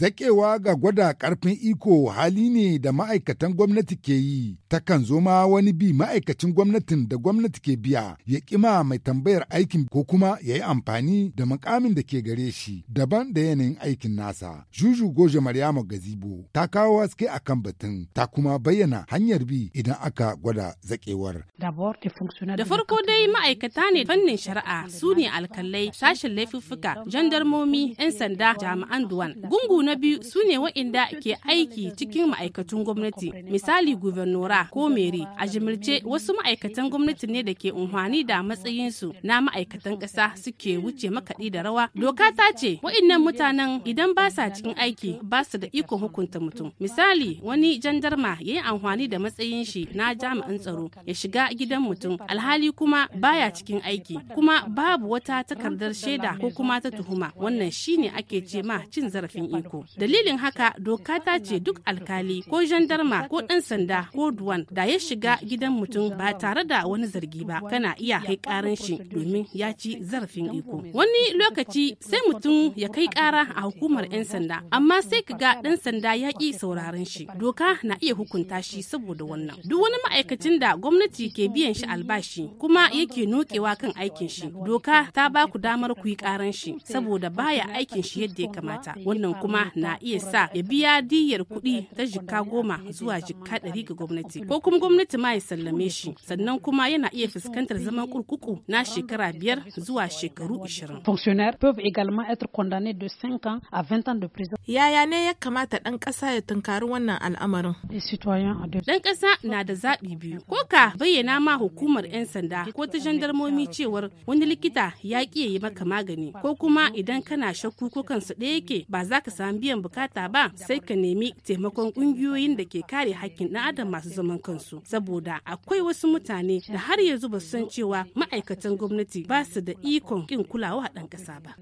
Zaƙewa ga gwada ƙarfin iko hali ne da ma'aikatan gwamnati ke yi, takan zo ma wani bi ma'aikacin gwamnatin da gwamnati ke biya ya ƙima mai tambayar aikin ko kuma ya yi amfani da mukamin da ke gare shi daban da yanayin aikin nasa. Juju Goje Maryamu Gazibo ta kawo haske a kan batun ta kuma bayyana hanyar bi idan aka gwada zaƙewar. Da farko dai ma'aikata ne fannin shari'a su ne alkalai sashen laifuffuka jandarmomi 'yan sanda jami'an duwan gungu na biyu su ne waɗanda ke aiki cikin ma'aikatun gwamnati misali guvernora ko mere a jimirce wasu ma'aikatan gwamnati ne da ke unhwani da matsayinsu na ma'aikatan ƙasa suke wuce makaɗi da rawa doka ta ce waɗannan mutanen idan ba sa cikin aiki ba su da ikon hukunta mutum misali wani jandarma ya yi amfani da matsayin shi na jami'an tsaro ya shiga gidan mutum alhali kuma baya cikin aiki kuma babu wata takardar shaida ko kuma ta tuhuma wannan shine ake ce ma cin zarafin iko dalilin haka doka ta ce duk alkali ko jandarma ko ɗan sanda ko duwan da ya shiga gidan mutum ba tare da wani zargi ba kana iya kai karan shi domin ya ci zarafin iko wani lokaci sai mutum ya kai kara a hukumar 'yan sanda amma sai ka ga ɗan sanda ya ƙi sauraron shi doka na iya hukunta shi saboda wannan duk wani ma'aikacin da gwamnati ke biyan shi albashi kuma yake nokewa kan aikin shi doka ta ba ku damar ku yi karan shi saboda baya aikin shi yadda ya kamata wannan kuma kuma na iya sa ya biya diyyar kuɗi ta jikka goma zuwa jikka ɗari ga gwamnati ko kuma gwamnati ma ya sallame shi sannan kuma yana iya fuskantar zaman kurkuku na shekara biyar zuwa shekaru ishirin. Yaya ne ya kamata ɗan ƙasa ya tunkari wannan al'amarin? Ɗan ƙasa na da zaɓi biyu. Ko ka bayyana ma hukumar 'yan sanda ko ta jandarmomi cewar wani likita ya ƙi yi maka magani ko kuma idan kana shakku ko kansu ɗaya yake ba za ka samu biyan bukata ba sai ka nemi taimakon kungiyoyin da ke kare hakkin ɗan adam masu zaman kansu saboda akwai wasu mutane da har yanzu ba san cewa ma'aikatan gwamnati ba su da ikon kin kulawa a ɗan ƙasa ba.